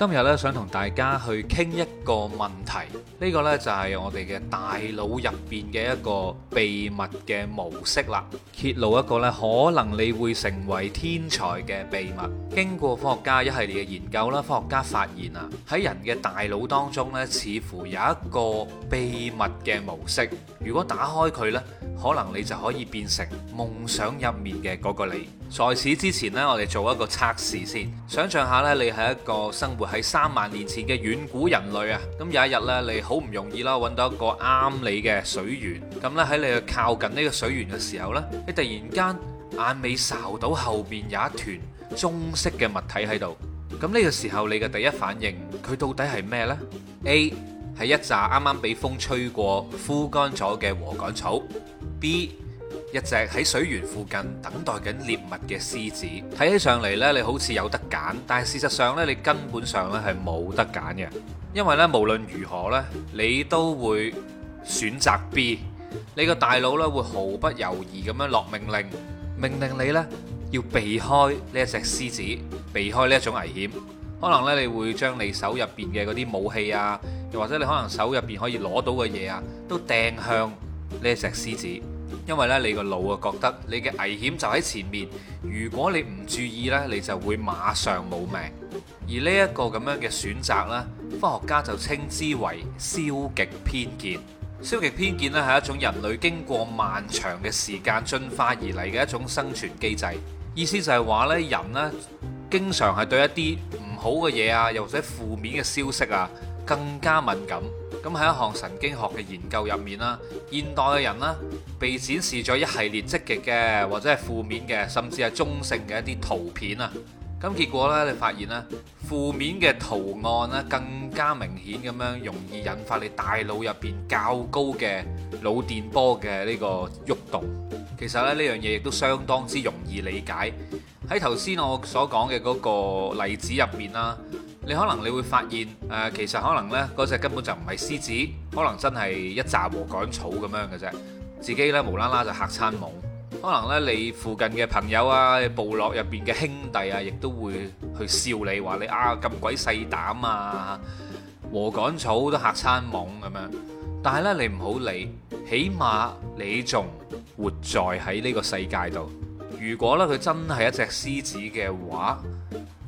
今日咧，想同大家去傾一個問題，呢個呢，就係我哋嘅大腦入邊嘅一個秘密嘅模式啦，揭露一個呢，可能你會成為天才嘅秘密。經過科學家一系列嘅研究啦，科學家發現啊，喺人嘅大腦當中呢，似乎有一個秘密嘅模式，如果打開佢呢，可能你就可以變成夢想入面嘅嗰個你。在此之前呢，我哋做一個測試先。想像下呢，你係一個生活喺三萬年前嘅遠古人類啊。咁有一日呢，你好唔容易啦，揾到一個啱你嘅水源。咁咧喺你去靠近呢個水源嘅時候呢，你突然間眼尾睄到後邊有一團棕色嘅物體喺度。咁呢個時候你嘅第一反應，佢到底係咩呢？A 係一紮啱啱俾風吹過、枯乾咗嘅禾杆草。B 一隻喺水源附近等待緊獵物嘅獅子，睇起上嚟呢，你好似有得揀，但係事實上呢，你根本上呢係冇得揀嘅，因為呢，無論如何呢，你都會選擇 B。你個大腦呢會毫不猶豫咁樣落命令，命令你呢要避開呢一隻獅子，避開呢一種危險。可能呢，你會將你手入邊嘅嗰啲武器啊，又或者你可能手入邊可以攞到嘅嘢啊，都掟向呢一隻獅子。因為咧，你個腦啊覺得你嘅危險就喺前面，如果你唔注意呢，你就會馬上冇命。而呢一個咁樣嘅選擇呢，科學家就稱之為消極偏見。消極偏見呢，係一種人類經過漫長嘅時間進化而嚟嘅一種生存機制。意思就係話咧，人咧，經常係對一啲唔好嘅嘢啊，又或者負面嘅消息啊。更加敏感咁喺一項神經學嘅研究入面啦，現代嘅人啦，被展示咗一系列積極嘅或者係負面嘅甚至係中性嘅一啲圖片啊，咁結果呢你發現咧負面嘅圖案咧更加明顯咁樣容易引發你大腦入邊較高嘅腦電波嘅呢個喐動。其實咧呢樣嘢亦都相當之容易理解。喺頭先我所講嘅嗰個例子入面啦。你可能你會發現，誒、呃、其實可能呢嗰隻根本就唔係獅子，可能真係一紮禾桿草咁樣嘅啫。自己呢無啦啦就嚇餐懵，可能呢你附近嘅朋友啊、部落入邊嘅兄弟啊，亦都會去笑你，話你啊咁鬼細膽啊！禾桿草都嚇餐懵咁樣，但係呢，你唔好理，起碼你仲活在喺呢個世界度。如果呢，佢真係一隻獅子嘅話，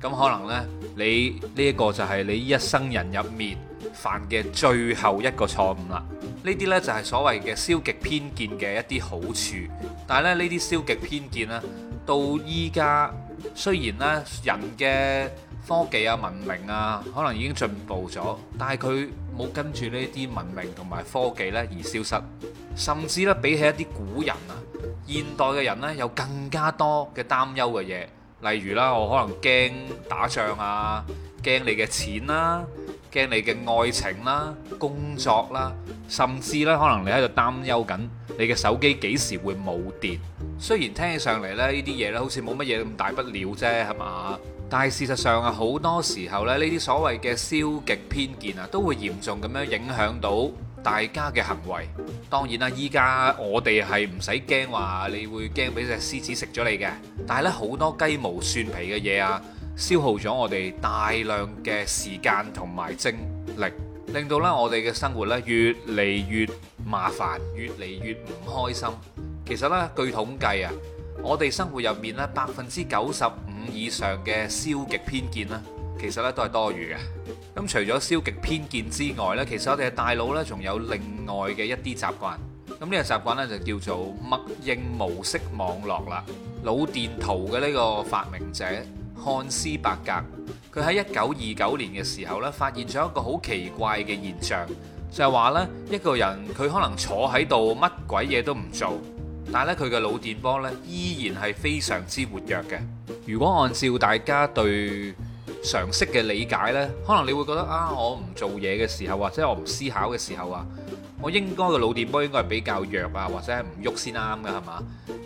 咁可能呢，你呢一個就係你一生人入面犯嘅最後一個錯誤啦。呢啲呢，就係所謂嘅消極偏見嘅一啲好處，但係咧，呢啲消極偏見咧，到依家雖然呢，人嘅科技啊、文明啊，可能已經進步咗，但係佢冇跟住呢啲文明同埋科技呢而消失，甚至呢，比起一啲古人啊，現代嘅人呢，有更加多嘅擔憂嘅嘢。例如啦，我可能驚打仗啊，驚你嘅錢啦，驚你嘅愛情啦、工作啦，甚至呢，可能你喺度擔憂緊你嘅手機幾時會冇電。雖然聽起上嚟呢，呢啲嘢呢好似冇乜嘢咁大不了啫，係嘛？但係事實上啊，好多時候咧，呢啲所謂嘅消極偏見啊，都會嚴重咁樣影響到大家嘅行為，當然啦，依家我哋係唔使驚話，你會驚俾隻獅子食咗你嘅。但係咧，好多雞毛蒜皮嘅嘢啊，消耗咗我哋大量嘅時間同埋精力，令到咧我哋嘅生活咧越嚟越麻煩，越嚟越唔開心。其實咧，據統計啊，我哋生活入面咧百分之九十五以上嘅消極偏見啦，其實咧都係多餘嘅。咁除咗消極偏見之外咧，其實我哋嘅大腦咧仲有另外嘅一啲習慣。咁呢個習慣咧就叫做默認模式網絡啦。腦電圖嘅呢個發明者漢斯伯格，佢喺一九二九年嘅時候咧發現咗一個好奇怪嘅現象，就係話咧一個人佢可能坐喺度乜鬼嘢都唔做，但係咧佢嘅腦電波咧依然係非常之活躍嘅。如果按照大家對常識嘅理解呢，可能你會覺得啊，我唔做嘢嘅時候或者我唔思考嘅時候啊，我應該嘅腦電波應該係比較弱啊，或者係唔喐先啱㗎，係嘛？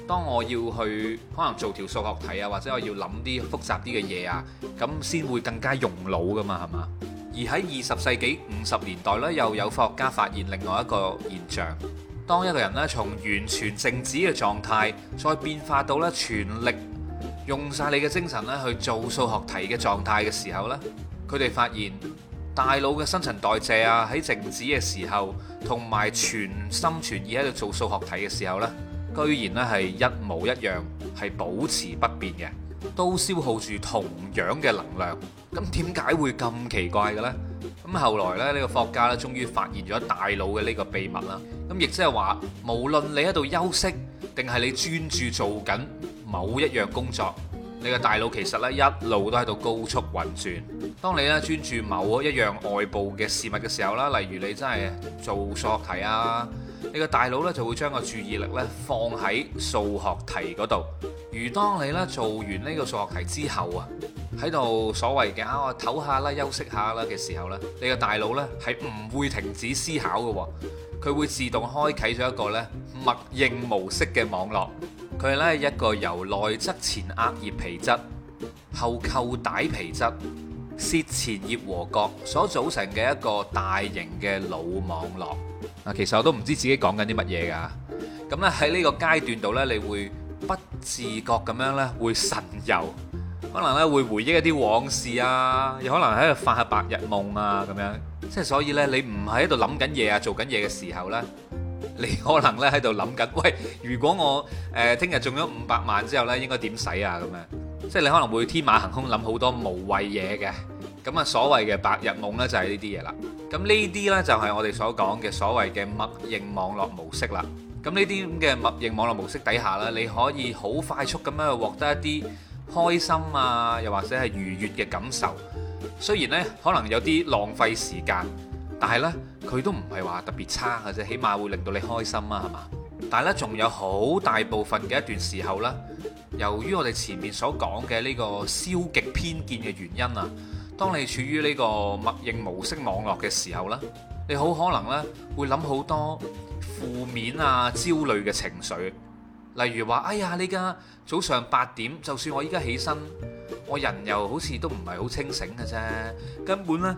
當我要去可能做條數學題啊，或者我要諗啲複雜啲嘅嘢啊，咁先會更加用腦㗎嘛，係嘛？而喺二十世紀五十年代呢，又有科學家發現另外一個現象，當一個人呢，從完全靜止嘅狀態，再變化到呢，全力用晒你嘅精神咧去做數學題嘅狀態嘅時候呢，佢哋發現大腦嘅新陳代謝啊，喺靜止嘅時候，同埋全心全意喺度做數學題嘅時候呢，居然咧係一模一樣，係保持不變嘅，都消耗住同樣嘅能量。咁點解會咁奇怪嘅呢？咁後來呢，呢、呢個科學家咧，終於發現咗大腦嘅呢個秘密啦。咁亦即係話，無論你喺度休息定係你專注做緊。某一樣工作，你嘅大腦其實咧一路都喺度高速運轉。當你咧專注某一樣外部嘅事物嘅時候啦，例如你真係做數學題啊，你嘅大腦咧就會將個注意力咧放喺數學題嗰度。而當你咧做完呢個數學題之後啊，喺度所謂嘅啊我唞下啦、休息下啦嘅時候咧，你嘅大腦咧係唔會停止思考嘅喎，佢會自動開啟咗一個咧默認模式嘅網絡。佢咧係一個由內側前額葉皮質、後扣帶皮質、舌前葉和角所組成嘅一個大型嘅腦網絡。嗱，其實我都唔知自己講緊啲乜嘢㗎。咁咧喺呢個階段度呢，你會不自覺咁樣呢會神遊，可能呢會回憶一啲往事啊，又可能喺度發下白日夢啊咁樣。即係所以呢，你唔喺度諗緊嘢啊、做緊嘢嘅時候呢。你可能咧喺度諗緊，喂，如果我誒聽日中咗五百萬之後呢，應該點使啊？咁樣，即係你可能會天馬行空諗好多無謂嘢嘅，咁啊所謂嘅白日夢呢，就係呢啲嘢啦。咁呢啲呢，就係我哋所講嘅所謂嘅默認網絡模式啦。咁呢啲咁嘅默認網絡模式底下呢，你可以好快速咁樣去獲得一啲開心啊，又或者係愉悅嘅感受。雖然呢，可能有啲浪費時間。但係咧，佢都唔係話特別差嘅啫，起碼會令到你開心啊，係嘛？但係咧，仲有好大部分嘅一段時候咧，由於我哋前面所講嘅呢個消極偏見嘅原因啊，當你處於呢個默認模式網絡嘅時候咧，你好可能咧會諗好多負面啊焦慮嘅情緒，例如話，哎呀，呢家早上八點，就算我依家起身。我人又好似都唔係好清醒嘅啫，根本呢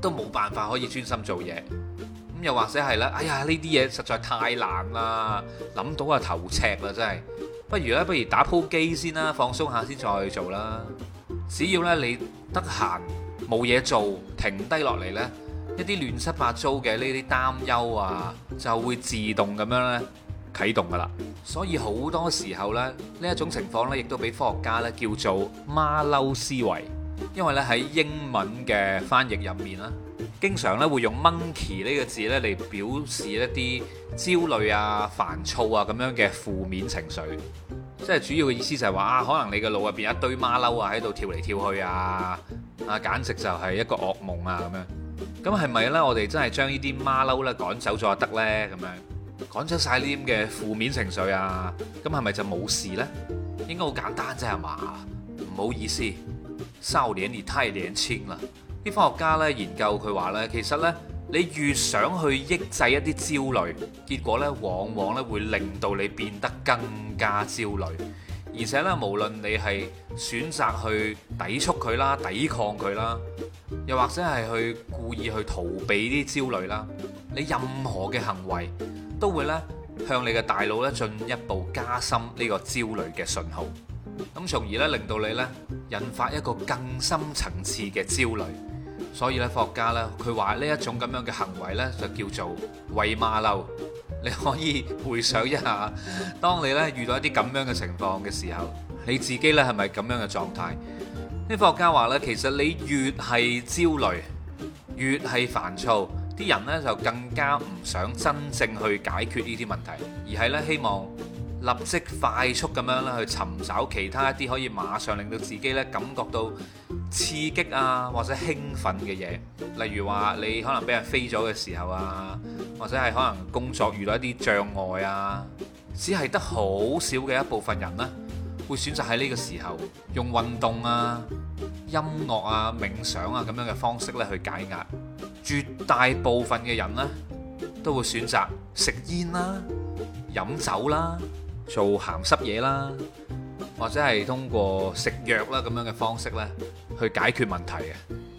都冇辦法可以專心做嘢。咁又或者係啦，哎呀呢啲嘢實在太難啦，諗到啊頭赤啊真係。不如咧，不如打鋪機先啦，放鬆下先再，再做啦。只要呢你得閒冇嘢做，停低落嚟呢，一啲亂七八糟嘅呢啲擔憂啊，就會自動咁樣呢，啟動噶啦。所以好多時候咧，呢一種情況呢，亦都俾科學家呢叫做馬騮思維，因為呢喺英文嘅翻譯入面啦，經常呢會用 monkey 呢個字呢嚟表示一啲焦慮啊、煩躁啊咁樣嘅負面情緒。即係主要嘅意思就係話啊，可能你嘅腦入邊一堆馬騮啊喺度跳嚟跳去啊，啊簡直就係一個惡夢啊咁樣。咁係咪呢？我哋真係將呢啲馬騮呢趕走咗就得呢咁樣？講出晒呢啲嘅負面情緒啊，咁係咪就冇事呢？應該好簡單啫，係嘛？唔好意思，少年，你太年輕啦。啲科學家呢研究佢話呢，其實呢，你越想去抑制一啲焦慮，結果呢往往呢會令到你變得更加焦慮。而且呢，無論你係選擇去抵觸佢啦、抵抗佢啦，又或者係去故意去逃避啲焦慮啦，你任何嘅行為。都會咧向你嘅大腦咧進一步加深呢個焦慮嘅信號，咁從而咧令到你咧引發一個更深層次嘅焦慮。所以咧，科學家咧佢話呢一種咁樣嘅行為咧就叫做餵馬騮。你可以回想一下，當你咧遇到一啲咁樣嘅情況嘅時候，你自己咧係咪咁樣嘅狀態？啲科學家話咧，其實你越係焦慮，越係煩躁。啲人咧就更加唔想真正去解決呢啲問題，而係咧希望立即快速咁樣咧去尋找其他一啲可以馬上令到自己咧感覺到刺激啊或者興奮嘅嘢，例如話，你可能俾人飛咗嘅時候啊，或者係可能工作遇到一啲障礙啊，只係得好少嘅一部分人啦。會選擇喺呢個時候用運動啊、音樂啊、冥想啊咁樣嘅方式咧去解壓。絕大部分嘅人呢，都會選擇食煙啦、飲酒啦、啊、做鹹濕嘢啦，或者係通過食藥啦咁樣嘅方式咧去解決問題嘅。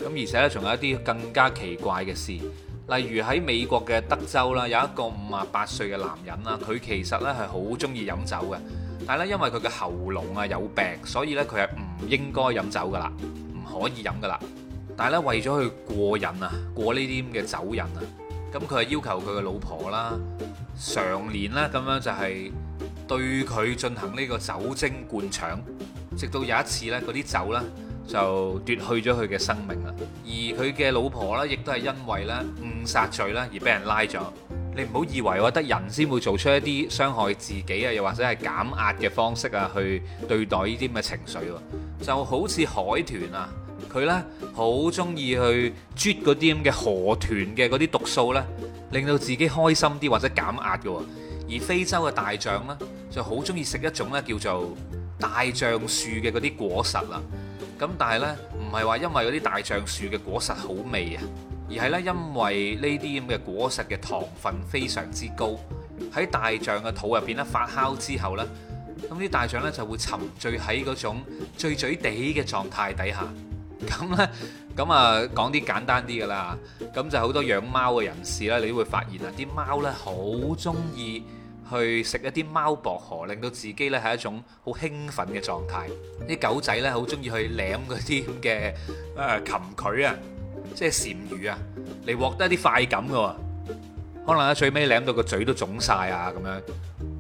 咁而且咧仲有一啲更加奇怪嘅事，例如喺美國嘅德州啦，有一個五十八歲嘅男人啦，佢其實呢係好中意飲酒嘅。但係咧，因為佢嘅喉嚨啊有病，所以咧佢係唔應該飲酒噶啦，唔可以飲噶啦。但係咧為咗去過癮啊，過呢啲咁嘅酒癮啊，咁佢係要求佢嘅老婆啦，常年咧咁樣就係對佢進行呢個酒精灌腸，直到有一次咧嗰啲酒咧就奪去咗佢嘅生命啦。而佢嘅老婆咧亦都係因為咧誤殺罪咧而俾人拉咗。你唔好以為我得人先會做出一啲傷害自己啊，又或者係減壓嘅方式啊，去對待呢啲咁嘅情緒喎。就好似海豚啊，佢呢好中意去啜嗰啲咁嘅河豚嘅嗰啲毒素呢，令到自己開心啲或者減壓嘅喎。而非洲嘅大象呢，就好中意食一種咧叫做大象樹嘅嗰啲果實啦。咁但係呢，唔係話因為嗰啲大象樹嘅果實好味啊。而係咧，因為呢啲咁嘅果實嘅糖分非常之高，喺大象嘅肚入邊咧發酵之後呢，咁啲大象咧就會沉醉喺嗰種醉醉地嘅狀態底下。咁咧，咁啊講啲簡單啲㗎啦。咁就好多養貓嘅人士咧，你都會發現啊，啲貓咧好中意去食一啲貓薄荷，令到自己咧係一種好興奮嘅狀態。啲狗仔咧好中意去舐嗰啲咁嘅誒蠄蟝啊！呃即係鰻魚啊，嚟獲得一啲快感嘅、啊，可能喺、啊、最尾舐到個嘴都腫晒啊咁樣。呢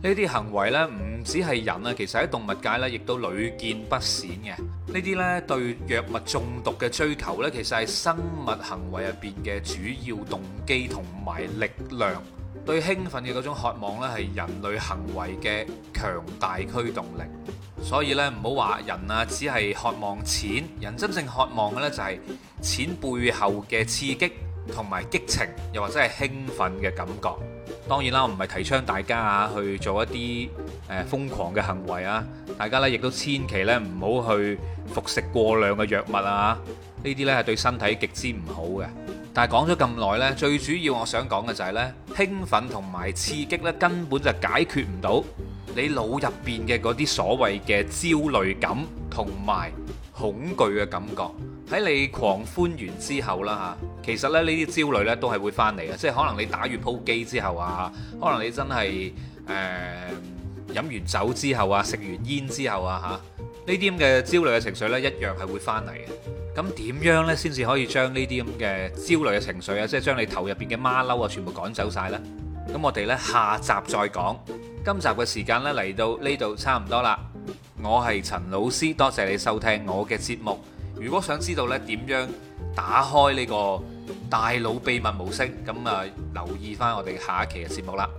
啲行為呢，唔止係人啊，其實喺動物界呢，亦都屢見不鮮嘅。呢啲呢，對藥物中毒嘅追求呢，其實係生物行為入邊嘅主要動機同埋力量。對興奮嘅嗰種渴望呢，係人類行為嘅強大驅動力。所以呢，唔好話人啊，只係渴望錢。人真正渴望嘅呢，就係錢背後嘅刺激同埋激情，又或者係興奮嘅感覺。當然啦，我唔係提倡大家啊去做一啲誒瘋狂嘅行為啊！大家呢亦都千祈呢唔好去服食過量嘅藥物啊！呢啲呢係對身體極之唔好嘅。但係講咗咁耐呢，最主要我想講嘅就係呢，興奮同埋刺激呢根本就解決唔到。你腦入邊嘅嗰啲所謂嘅焦慮感同埋恐懼嘅感覺喺你狂歡完之後啦吓，其實咧呢啲焦慮呢都係會翻嚟嘅，即係可能你打完鋪機之後啊，可能你真係誒飲完酒之後啊，食完煙之後啊吓，呢啲咁嘅焦慮嘅情緒呢一樣係會翻嚟嘅。咁點樣呢先至可以將呢啲咁嘅焦慮嘅情緒啊，即係將你頭入邊嘅馬騮啊全部趕走晒呢？咁我哋呢，下集再講。今集嘅時間呢，嚟到呢度差唔多啦，我係陳老師，多謝你收聽我嘅節目。如果想知道呢，點樣打開呢個大腦秘密模式，咁啊留意翻我哋下一期嘅節目啦。